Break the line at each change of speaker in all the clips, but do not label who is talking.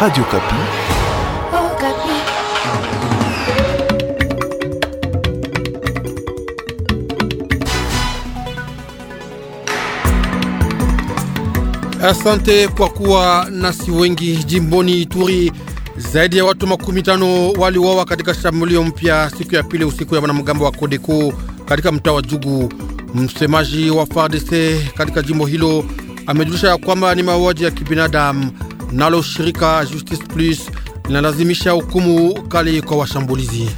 Radio Kapi. Oh,
Kapi.
Asante kwa kuwa nasi wengi. Jimboni Ituri, zaidi ya watu makumi tano waliuawa katika shambulio mpya siku ya pili usiku ya wanamgambo wa Kodeko katika mtaa wa Jugu. Msemaji wa FARDC katika jimbo hilo amejulisha ya kwamba ni mauaji ya kibinadamu nalo shirika Justice Plus linalazimisha hukumu kali kwa washambulizi.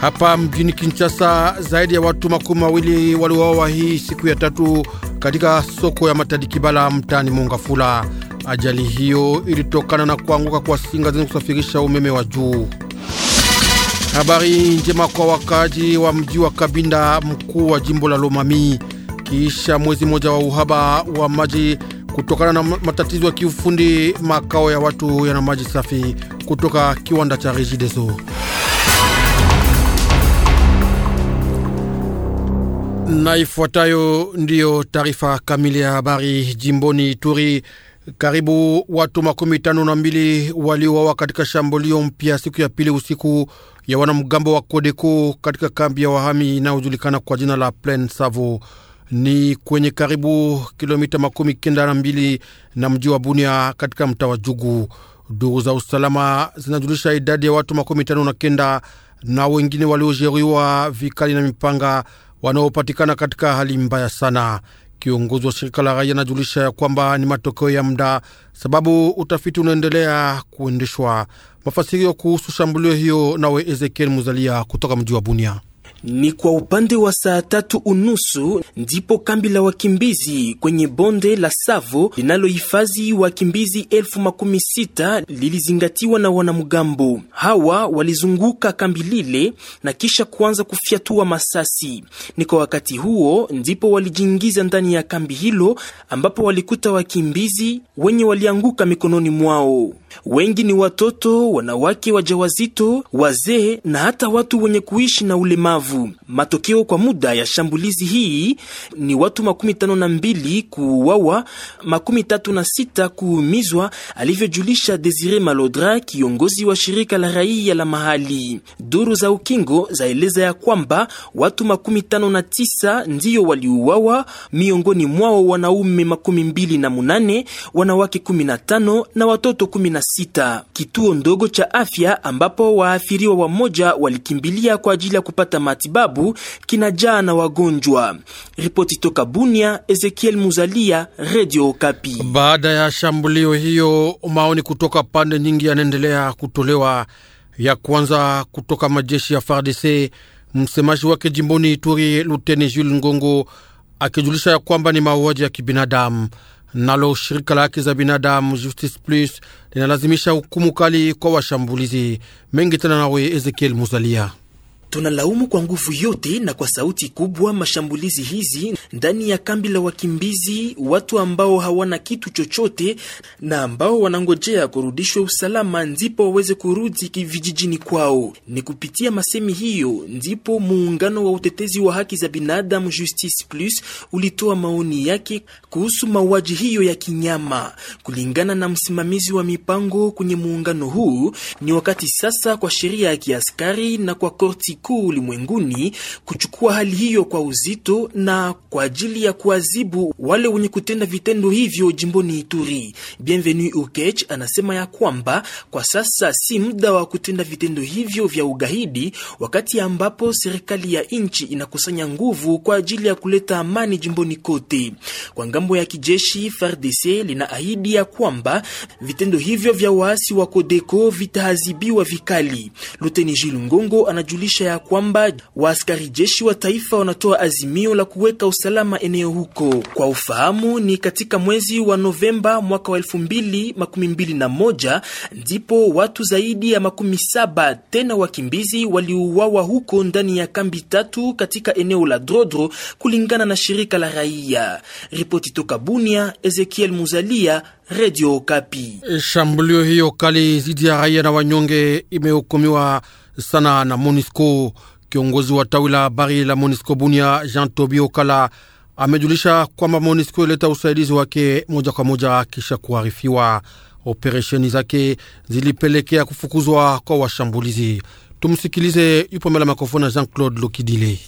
Hapa mjini Kinshasa, zaidi ya watu makumi mawili waliuawa hii siku ya tatu katika soko ya Matadi Kibala mtaani Mongafula. Ajali hiyo ilitokana na kuanguka kwa singa zenye kusafirisha umeme wa juu. Habari njema kwa wakaaji wa mji wa Kabinda, mkuu wa jimbo la Lomami, kiisha mwezi mmoja wa uhaba wa maji kutokana na matatizo ya kiufundi. Makao ya watu yana maji safi kutoka kiwanda cha Regideso. Na ifuatayo ndiyo taarifa kamili ya habari. Jimboni Ituri, karibu watu makumi tano na mbili waliuawa katika shambulio mpya siku ya pili usiku ya wanamgambo wa Kodeko katika kambi ya wahami inayojulikana kwa jina la Plain Savo ni kwenye karibu kilomita makumi kenda na mbili na mji wa Bunia katika mtaa wa Jugu. Duru za usalama zinajulisha idadi ya watu makumi tano na kenda na wengine waliojeruhiwa vikali na mipanga wanaopatikana katika hali mbaya sana. Kiongozi wa shirika la raia anajulisha ya kwamba ni matokeo ya muda, sababu utafiti unaendelea kuendeshwa. Mafasirio kuhusu shambulio hiyo nawe Ezekiel Muzalia kutoka mji wa Bunia. Ni kwa upande wa saa tatu unusu
ndipo kambi la wakimbizi kwenye bonde la Savo linalohifadhi wakimbizi elfu makumi sita lilizingatiwa na wanamgambo hawa. Walizunguka kambi lile na kisha kuanza kufyatua masasi. Ni kwa wakati huo ndipo walijiingiza ndani ya kambi hilo, ambapo walikuta wakimbizi wenye walianguka mikononi mwao. Wengi ni watoto, wanawake wajawazito, wazee na hata watu wenye kuishi na ulemavu. Bukavu. Matokeo kwa muda ya shambulizi hii ni watu makumi tano na mbili kuuawa, makumi tatu na sita kuumizwa, alivyojulisha Desire Malodra, kiongozi wa shirika la raia la mahali. Duru za ukingo zaeleza ya kwamba watu makumi tano na tisa ndiyo waliuawa, miongoni mwao wanaume makumi mbili na munane, wanawake kumi na tano na watoto kumi na sita. Kituo ndogo cha afya ambapo waathiriwa wamoja walikimbilia kwa ajili ya kupata matibabu kinajaa na wagonjwa. Ripoti toka Bunia,
Ezekiel Muzalia, Radio Okapi. Baada ya shambulio hiyo, maoni kutoka pande nyingi yanaendelea kutolewa. Ya kwanza kutoka majeshi ya FARDC, msemaji wake jimboni Ituri, Luteni Jules Ngongo akijulisha ya kwamba ni mauaji ya kibinadamu. Nalo shirika la haki za binadamu Justice Plus linalazimisha hukumu kali kwa washambulizi mengi. Tena nawe Ezekiel Muzalia.
Tunalaumu kwa nguvu yote na kwa sauti kubwa mashambulizi hizi ndani ya kambi la wakimbizi, watu ambao hawana kitu chochote na ambao wanangojea kurudishwa usalama, ndipo waweze kurudi vijijini kwao. Ni kupitia masemi hiyo ndipo muungano wa utetezi wa haki za binadamu Justice Plus ulitoa maoni yake kuhusu mauaji hiyo ya kinyama. Kulingana na msimamizi wa mipango kwenye muungano huu, ni wakati sasa kwa sheria ya kiaskari na kwa korti kikuu ulimwenguni kuchukua hali hiyo kwa uzito na kwa ajili ya kuadhibu wale wenye kutenda vitendo hivyo jimboni Ituri. Bienvenu Ukech anasema ya kwamba kwa sasa si muda wa kutenda vitendo hivyo vya ugaidi, wakati ambapo serikali ya nchi inakusanya nguvu kwa ajili ya kuleta amani jimboni kote. Kwa ngambo ya kijeshi, FARDC linaahidi ya kwamba vitendo hivyo vya waasi wa Kodeko vitaadhibiwa vikali. Luteni Jilungongo anajulisha ya kwamba waaskari jeshi wa taifa wanatoa azimio la kuweka usalama eneo huko. Kwa ufahamu, ni katika mwezi wa Novemba mwaka wa elfu mbili makumi mbili na moja ndipo watu zaidi ya makumi saba tena wakimbizi waliuawa huko ndani ya kambi tatu katika eneo la Drodro, kulingana na shirika la raia. Ripoti toka Bunia, Ezekiel Muzalia, Radio
Kapi. Shambulio hiyo kali dhidi ya raia na wanyonge imehukumiwa sana na Monisco. Kiongozi wa tawi la habari la Monisco Bunia, Jean Tobi Okala, amejulisha kwamba Monisco ileta usaidizi wake moja kwa moja kisha kuharifiwa. Operesheni zake zilipelekea kufukuzwa kwa washambulizi. Tumsikilize, yupo mbele ya makofona Jean Claude Lokidile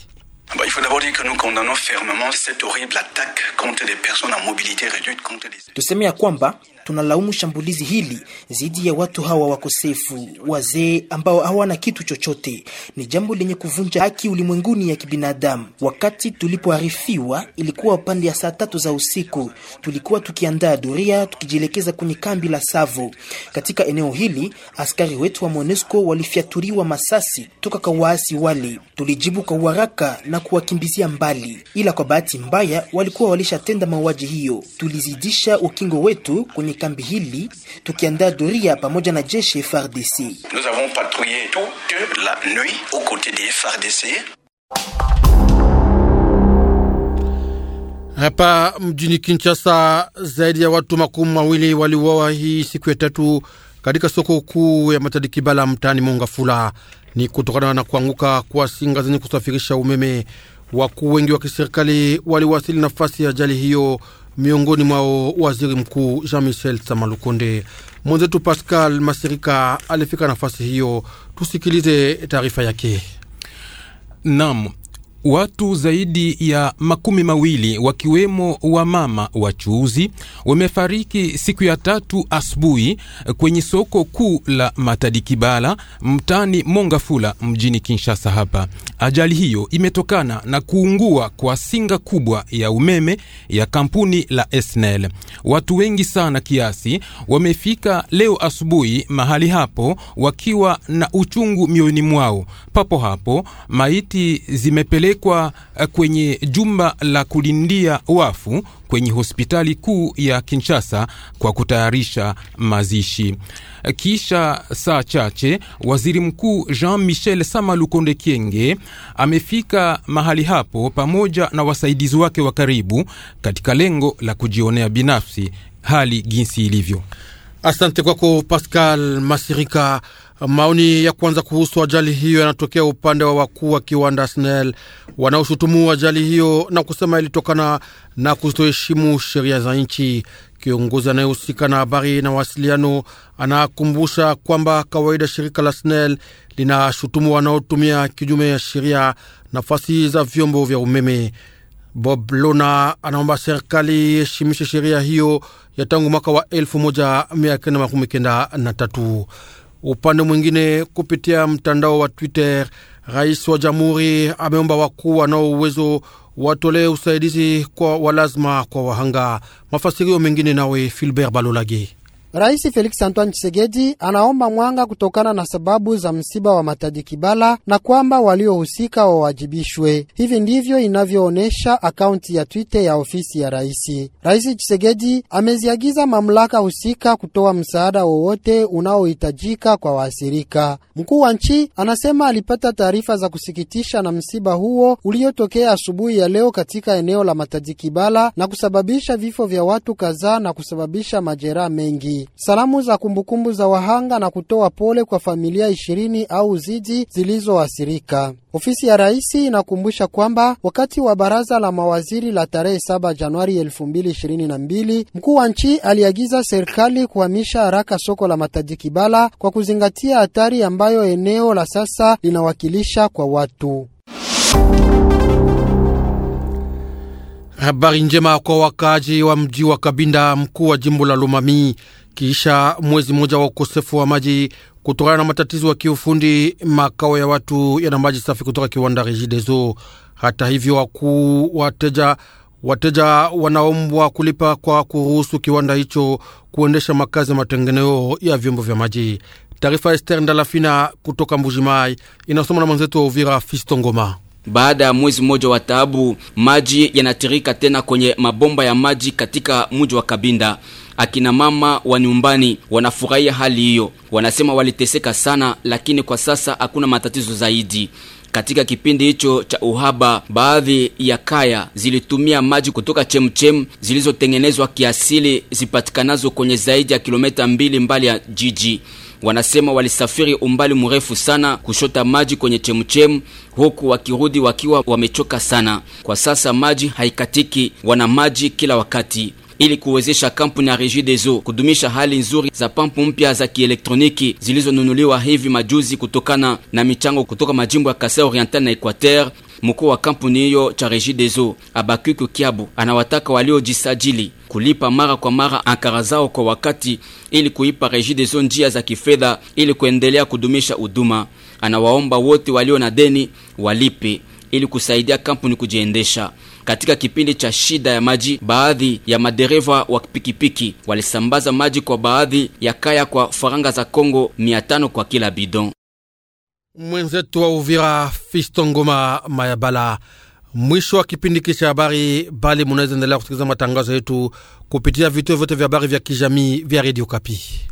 que nous condamnons fermement
cette horrible attaque contre les personnes en mobilité réduite contre les...
Tuseme ya kwamba tunalaumu
shambulizi hili dhidi ya watu hawa wakosefu, wazee ambao hawana kitu chochote. Ni jambo lenye kuvunja haki ulimwenguni ya kibinadamu. Wakati tulipoarifiwa ilikuwa pande ya saa tatu za usiku, tulikuwa tukiandaa doria tukijielekeza kwenye kambi la Savo. Katika eneo hili askari wetu wa MONUSCO walifyaturiwa masasi toka kwa waasi wale. Tulijibu kwa uharaka na kuwakimbizia mbali, ila kwa bahati mbaya walikuwa walishatenda mauaji hiyo. Tulizidisha ukingo wetu kwenye kambi hili tukiandaa doria pamoja na jeshi FRDC. Nous avons patrouillé toute la nuit aux côtés des
Hapa mjini Kinshasa, zaidi ya watu makumi mawili waliuawa hii siku ya tatu katika soko kuu ya Matadi Kibala mtaani Mongafula. Ni kutokana na kuanguka kwa singa zenye kusafirisha umeme. Wakuu wengi wa kiserikali waliwasili nafasi ya ajali hiyo, miongoni mwao waziri mkuu Jean Michel Samalukonde. Mwenzetu Pascal Masirika alifika nafasi hiyo, tusikilize taarifa yake. Naam, Watu zaidi ya makumi mawili wakiwemo wamama wachuuzi wamefariki siku ya tatu asubuhi kwenye soko kuu la Matadi Kibala mtani Mongafula mjini Kinshasa. Hapa ajali hiyo imetokana na kuungua kwa singa kubwa ya umeme ya kampuni la Esnel. Watu wengi sana kiasi wamefika leo asubuhi mahali hapo wakiwa na uchungu mioyoni mwao. Papo hapo maiti zimepele alipelekwa eh, kwenye jumba la kulindia wafu kwenye hospitali kuu ya Kinshasa kwa kutayarisha mazishi. Eh, kisha saa chache, waziri mkuu Jean Michel Sama Lukonde Kienge amefika mahali hapo pamoja na wasaidizi wake wa karibu katika lengo la kujionea binafsi hali jinsi ilivyo. Asante kwako Pascal Masirika. Maoni ya kwanza kuhusu ajali hiyo yanatokea upande wa wakuu wa kiwanda SNEL wanaoshutumu ajali hiyo na kusema ilitokana na kutoheshimu sheria za nchi. Kiongozi anayehusika na habari na wasiliano anakumbusha kwamba kawaida shirika la SNEL linashutumu wanaotumia kinyume ya sheria nafasi za vyombo vya umeme. Bob Lona anaomba serikali iheshimishe sheria hiyo ya tangu mwaka wa 1993. Upande mwingine, kupitia mtandao wa Twitter, rais wa jamhuri ameomba wakuu wanao uwezo watolee usaidizi kwa walazima kwa wahanga. Mafasirio mengine nawe Filbert Balolage.
Rais Felix Antoine chisegedi anaomba mwanga kutokana na sababu za msiba wa Matadi Kibala na kwamba waliohusika wawajibishwe. Hivi ndivyo inavyoonyesha akaunti ya Twitter ya ofisi ya rais. Rais chisegedi ameziagiza mamlaka husika kutoa msaada wowote unaohitajika kwa waathirika. Mkuu wa nchi anasema alipata taarifa za kusikitisha na msiba huo uliotokea asubuhi ya leo katika eneo la Matadi Kibala na kusababisha vifo vya watu kadhaa na kusababisha majeraha mengi. Salamu za kumbukumbu za wahanga na kutoa pole kwa familia ishirini au ziji zilizoathirika. Ofisi ya rais inakumbusha kwamba wakati wa baraza la mawaziri la tarehe 7 Januari 2022 mkuu wa nchi aliagiza serikali kuhamisha haraka soko la Matadikibala kwa kuzingatia hatari ambayo eneo la sasa linawakilisha kwa watu.
Habari njema kwa wakaaji wa mji wa Kabinda, mkuu wa jimbo la Lomami kisha mwezi mmoja wa ukosefu wa maji kutokana na matatizo ya kiufundi. Makao ya watu yana maji safi kutoka kiwanda Regideso. Hata hivyo, wakuu wateja wateja wanaombwa kulipa kwa kuruhusu kiwanda hicho kuendesha makazi ya matengeneo ya vyombo vya maji. Taarifa Ester Ndalafina kutoka Mbujimai inasoma na mwenzetu wa Uvira Fisto Ngoma.
Baada ya mwezi mmoja wa taabu, maji yanatirika tena kwenye mabomba ya maji katika mji wa Kabinda akina mama wa nyumbani wanafurahia hali hiyo, wanasema waliteseka sana, lakini kwa sasa hakuna matatizo zaidi. Katika kipindi hicho cha uhaba, baadhi ya kaya zilitumia maji kutoka chemchem zilizotengenezwa kiasili zipatikanazo kwenye zaidi ya kilomita mbili mbali ya jiji. Wanasema walisafiri umbali mrefu sana kushota maji kwenye chemchem, huku wakirudi wakiwa wamechoka sana. Kwa sasa maji haikatiki, wana maji kila wakati ili kuwezesha kampuni ya Regideso kudumisha hali nzuri za pampu mpya za kielektroniki zilizonunuliwa hivi majuzi kutokana na michango kutoka majimbo ya Kasai Oriental na Equateur. Mkuu wa kampuni hiyo cha Regideso Abakuku Kiabu anawataka waliojisajili kulipa mara kwa mara ankara zao kwa wakati ili kuipa Regideso njia za kifedha ili kuendelea kudumisha huduma. Anawaomba wote walio na deni walipe ili kusaidia kampuni kujiendesha katika kipindi cha shida ya maji, baadhi ya madereva wa pikipiki walisambaza maji kwa baadhi ya kaya kwa faranga za Kongo 500 kwa kila bidon.
Mwenzetu wa Uvira Fistongoma Mayabala. Mwisho wa kipindi hiki cha habari, bali munaweza endelea kusikiliza matangazo yetu kupitia vituo vyote vya habari vya kijamii vya redio Kapi.